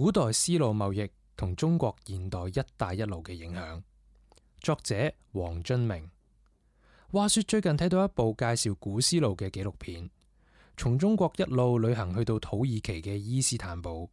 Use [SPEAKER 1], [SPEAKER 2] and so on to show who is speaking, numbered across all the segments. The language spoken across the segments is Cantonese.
[SPEAKER 1] 古代絲路貿易同中國現代“一帶一路”嘅影響。作者王臻明。話說最近睇到一部介紹古絲路嘅紀錄片，從中國一路旅行去到土耳其嘅伊斯坦堡，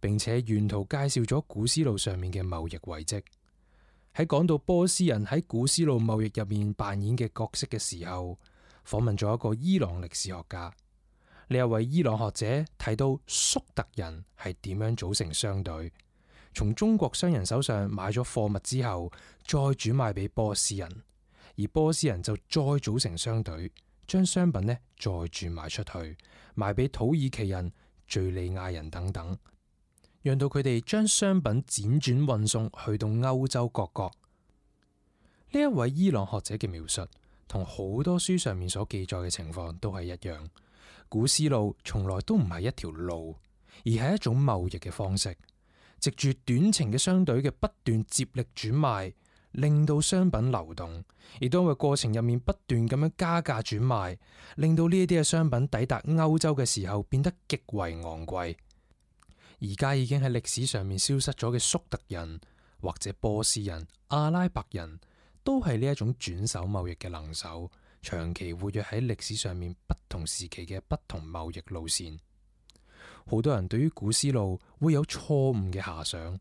[SPEAKER 1] 並且沿途介紹咗古絲路上面嘅貿易遺跡。喺講到波斯人喺古絲路貿易入面扮演嘅角色嘅時候，訪問咗一個伊朗歷史學家。你有位伊朗學者提到，粟特人係點樣組成商隊，從中國商人手上買咗貨物之後，再轉賣俾波斯人，而波斯人就再組成商隊，將商品呢再轉賣出去，賣俾土耳其人、敘利亞人等等，讓到佢哋將商品輾轉，轉運送去到歐洲各國。呢一位伊朗學者嘅描述，同好多書上面所記載嘅情況都係一樣。古絲路從來都唔係一條路，而係一種貿易嘅方式，藉住短程嘅商隊嘅不斷接力轉賣，令到商品流動；亦都因為過程入面不斷咁樣加價轉賣，令到呢一啲嘅商品抵達歐洲嘅時候變得極為昂貴。而家已經喺歷史上面消失咗嘅粟特人、或者波斯人、阿拉伯人都係呢一種轉手貿易嘅能手。長期活躍喺歷史上面不同時期嘅不同貿易路線，好多人對於古絲路會有錯誤嘅遐想，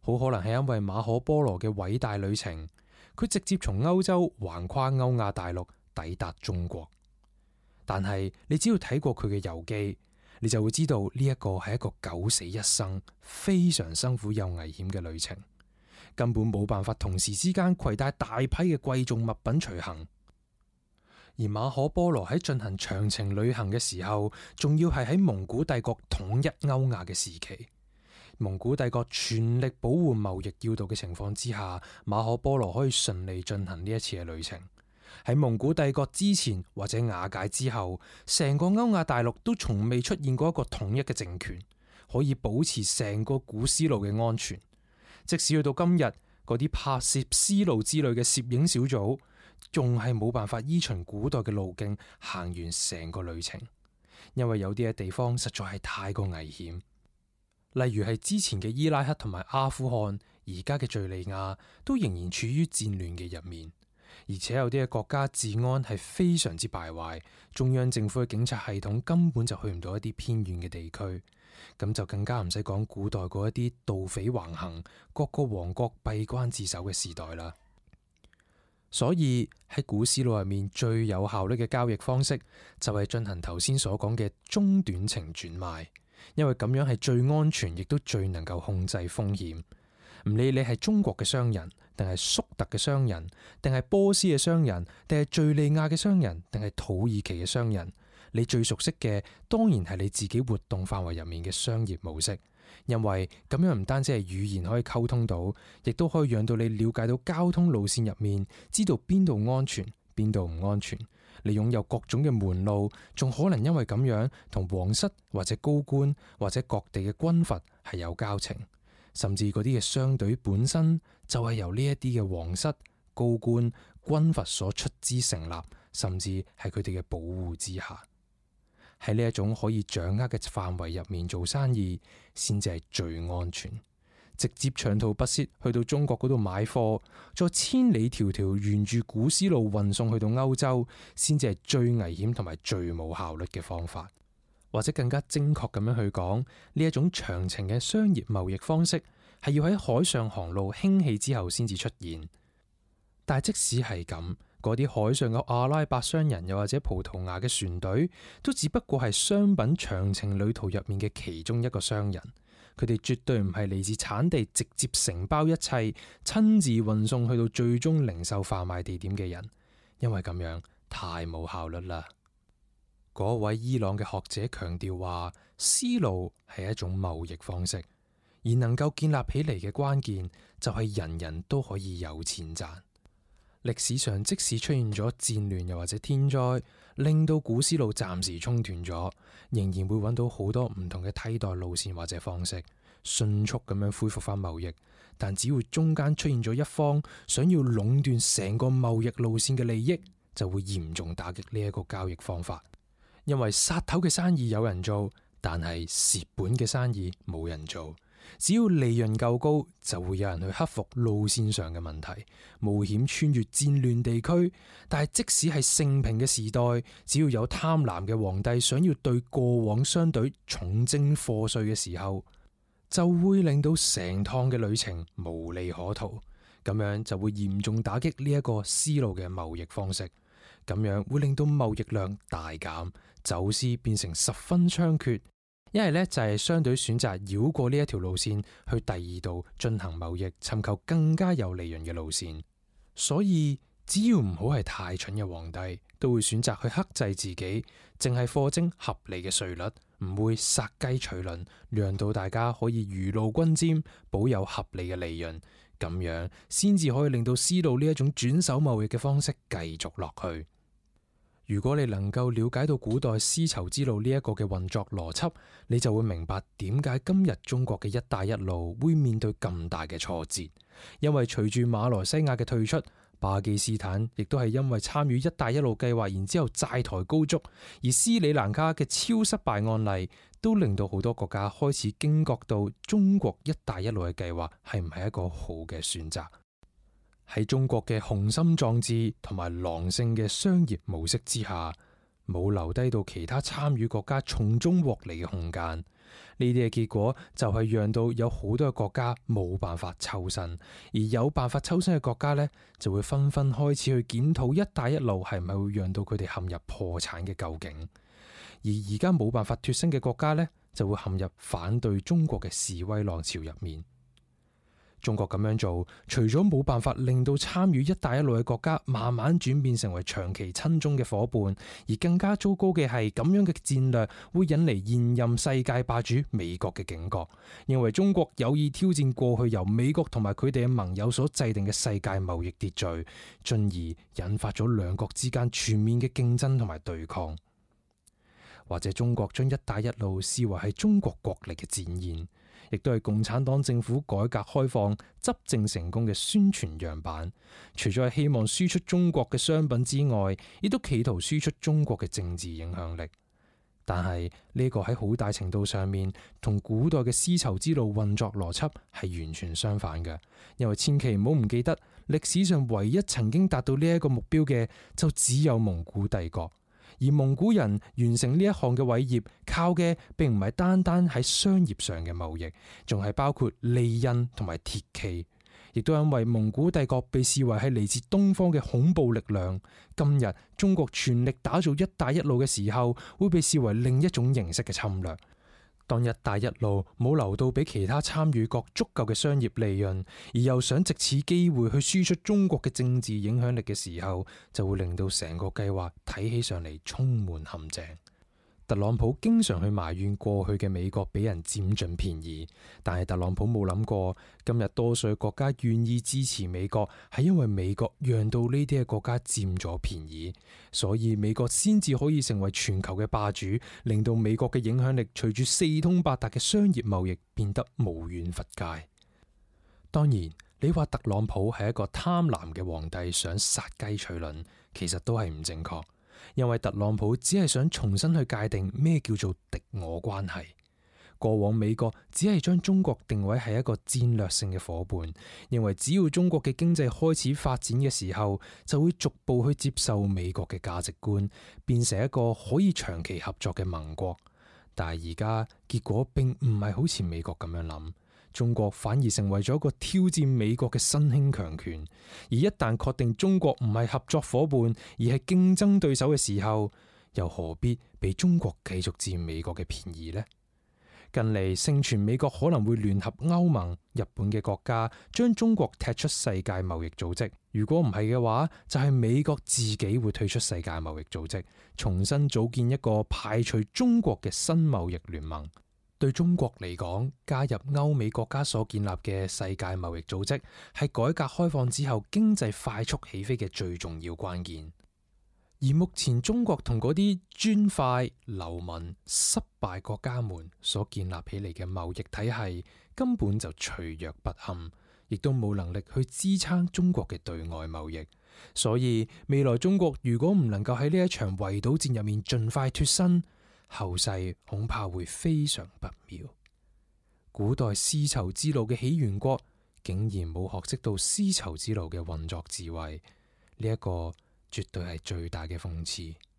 [SPEAKER 1] 好可能係因為馬可波羅嘅偉大旅程，佢直接從歐洲橫跨歐亞大陸抵達中國。但係你只要睇過佢嘅遊記，你就會知道呢一個係一個九死一生、非常辛苦又危險嘅旅程，根本冇辦法同時之間攜帶大批嘅貴重物品隨行。而馬可波羅喺進行長程旅行嘅時候，仲要係喺蒙古帝國統一歐亞嘅時期，蒙古帝國全力保護貿易要道嘅情況之下，馬可波羅可以順利進行呢一次嘅旅程。喺蒙古帝國之前或者瓦解之後，成個歐亞大陸都從未出現過一個統一嘅政權，可以保持成個古絲路嘅安全。即使去到今日，嗰啲拍攝絲路之類嘅攝影小組。仲係冇辦法依循古代嘅路徑行完成個旅程，因為有啲嘅地方實在係太過危險，例如係之前嘅伊拉克同埋阿富汗，而家嘅敘利亞都仍然處於戰亂嘅入面，而且有啲嘅國家治安係非常之敗壞，中央政府嘅警察系統根本就去唔到一啲偏遠嘅地區，咁就更加唔使講古代嗰一啲盜匪橫行、各個王國閉關自守嘅時代啦。所以喺古絲路入面最有效率嘅交易方式就係進行頭先所講嘅中短程轉賣，因為咁樣係最安全，亦都最能夠控制風險。唔理你係中國嘅商人，定係粟特嘅商人，定係波斯嘅商人，定係敘利亞嘅商人，定係土耳其嘅商人，你最熟悉嘅當然係你自己活動範圍入面嘅商業模式。因為咁樣唔單止係語言可以溝通到，亦都可以讓到你了解到交通路線入面，知道邊度安全，邊度唔安全。你擁有各種嘅門路，仲可能因為咁樣，同皇室或者高官或者各地嘅軍閥係有交情，甚至嗰啲嘅商隊本身就係由呢一啲嘅皇室、高官、軍閥所出資成立，甚至係佢哋嘅保護之下。喺呢一種可以掌握嘅範圍入面做生意，先至係最安全。直接長途跋涉去到中國嗰度買貨，再千里迢迢沿住古絲路運送去到歐洲，先至係最危險同埋最冇效率嘅方法。或者更加精確咁樣去講，呢一種長程嘅商業貿易方式，係要喺海上航路興起之後先至出現。但係即使係咁。嗰啲海上嘅阿拉伯商人，又或者葡萄牙嘅船隊，都只不過係商品長程旅途入面嘅其中一個商人。佢哋絕對唔係嚟自產地直接承包一切、親自運送去到最終零售販賣地點嘅人，因為咁樣太冇效率啦。嗰位伊朗嘅學者強調話，絲路係一種貿易方式，而能夠建立起嚟嘅關鍵就係人人都可以有錢賺。歷史上即使出現咗戰亂又或者天災，令到古絲路暫時中斷咗，仍然會揾到好多唔同嘅替代路線或者方式，迅速咁樣恢復翻貿易。但只要中間出現咗一方想要壟斷成個貿易路線嘅利益，就會嚴重打擊呢一個交易方法。因為殺頭嘅生意有人做，但係蝕本嘅生意冇人做。只要利潤夠高，就會有人去克服路線上嘅問題，冒險穿越戰亂地區。但係即使係盛平嘅時代，只要有貪婪嘅皇帝想要對過往商隊重徵貨稅嘅時候，就會令到成趟嘅旅程無利可圖，咁樣就會嚴重打擊呢一個絲路嘅貿易方式，咁樣會令到貿易量大減，走私變成十分猖獗。一係咧，就係相對選擇繞過呢一條路線去第二度進行貿易，尋求更加有利潤嘅路線。所以只要唔好係太蠢嘅皇帝，都會選擇去克制自己，淨係課徵合理嘅稅率，唔會殺雞取卵，讓到大家可以雨露均沾，保有合理嘅利潤。咁樣先至可以令到絲路呢一種轉手貿易嘅方式繼續落去。如果你能夠了解到古代絲綢之路呢一個嘅運作邏輯，你就會明白點解今日中國嘅一帶一路會面對咁大嘅挫折。因為隨住馬來西亞嘅退出，巴基斯坦亦都係因為參與一帶一路計劃，然之後債台高築；而斯里蘭卡嘅超失敗案例，都令到好多國家開始驚覺到中國一帶一路嘅計劃係唔係一個好嘅選擇？喺中國嘅雄心壯志同埋狼性嘅商業模式之下，冇留低到其他參與國家從中獲利嘅空間。呢啲嘅結果就係讓到有好多嘅國家冇辦法抽身，而有辦法抽身嘅國家呢，就會紛紛開始去檢討一帶一路係咪會讓到佢哋陷入破產嘅窘境？而而家冇辦法脱身嘅國家呢，就會陷入反對中國嘅示威浪潮入面。中國咁樣做，除咗冇辦法令到參與“一帶一路”嘅國家慢慢轉變成為長期親中嘅夥伴，而更加糟糕嘅係，咁樣嘅戰略會引嚟現任世界霸主美國嘅警覺，認為中國有意挑戰過去由美國同埋佢哋嘅盟友所制定嘅世界貿易秩序，進而引發咗兩國之間全面嘅競爭同埋對抗。或者中國將“一帶一路”視為係中國國力嘅展現。亦都係共產黨政府改革開放、執政成功嘅宣傳樣板。除咗係希望輸出中國嘅商品之外，亦都企圖輸出中國嘅政治影響力。但係呢個喺好大程度上面同古代嘅絲綢之路運作邏輯係完全相反嘅，因為千祈唔好唔記得歷史上唯一曾經達到呢一個目標嘅就只有蒙古帝國。而蒙古人完成呢一項嘅偉業，靠嘅並唔係單單喺商業上嘅貿易，仲係包括利刃，同埋鐵騎。亦都因為蒙古帝國被視為係嚟自東方嘅恐怖力量，今日中國全力打造一帶一路嘅時候，會被視為另一種形式嘅侵略。當「一帶一路」冇留到俾其他參與國足夠嘅商業利潤，而又想藉此機會去輸出中國嘅政治影響力嘅時候，就會令到成個計劃睇起上嚟充滿陷阱。特朗普經常去埋怨過去嘅美國俾人佔盡便宜，但係特朗普冇諗過，今日多數國家願意支持美國，係因為美國讓到呢啲嘅國家佔咗便宜，所以美國先至可以成為全球嘅霸主，令到美國嘅影響力隨住四通八達嘅商業貿易變得無遠弗屆。當然，你話特朗普係一個貪婪嘅皇帝，想殺雞取卵，其實都係唔正確。因為特朗普只係想重新去界定咩叫做敵我關係。過往美國只係將中國定位係一個戰略性嘅夥伴，認為只要中國嘅經濟開始發展嘅時候，就會逐步去接受美國嘅價值觀，變成一個可以長期合作嘅盟國。但係而家結果並唔係好似美國咁樣諗。中國反而成為咗一個挑戰美國嘅新興強權，而一旦確定中國唔係合作夥伴而係競爭對手嘅時候，又何必俾中國繼續佔美國嘅便宜呢？近嚟盛傳美國可能會聯合歐盟、日本嘅國家，將中國踢出世界貿易組織。如果唔係嘅話，就係美國自己會退出世界貿易組織，重新組建一個排除中國嘅新貿易聯盟。對中國嚟講，加入歐美國家所建立嘅世界貿易組織，係改革開放之後經濟快速起飛嘅最重要關鍵。而目前中國同嗰啲專制、流民、失敗國家們所建立起嚟嘅貿易體系，根本就脆弱不堪，亦都冇能力去支撐中國嘅對外貿易。所以未來中國如果唔能夠喺呢一場圍堵戰入面盡快脫身，後世恐怕會非常不妙。古代絲綢之路嘅起源國竟然冇學識到絲綢之路嘅運作智慧，呢一個絕對係最大嘅諷刺。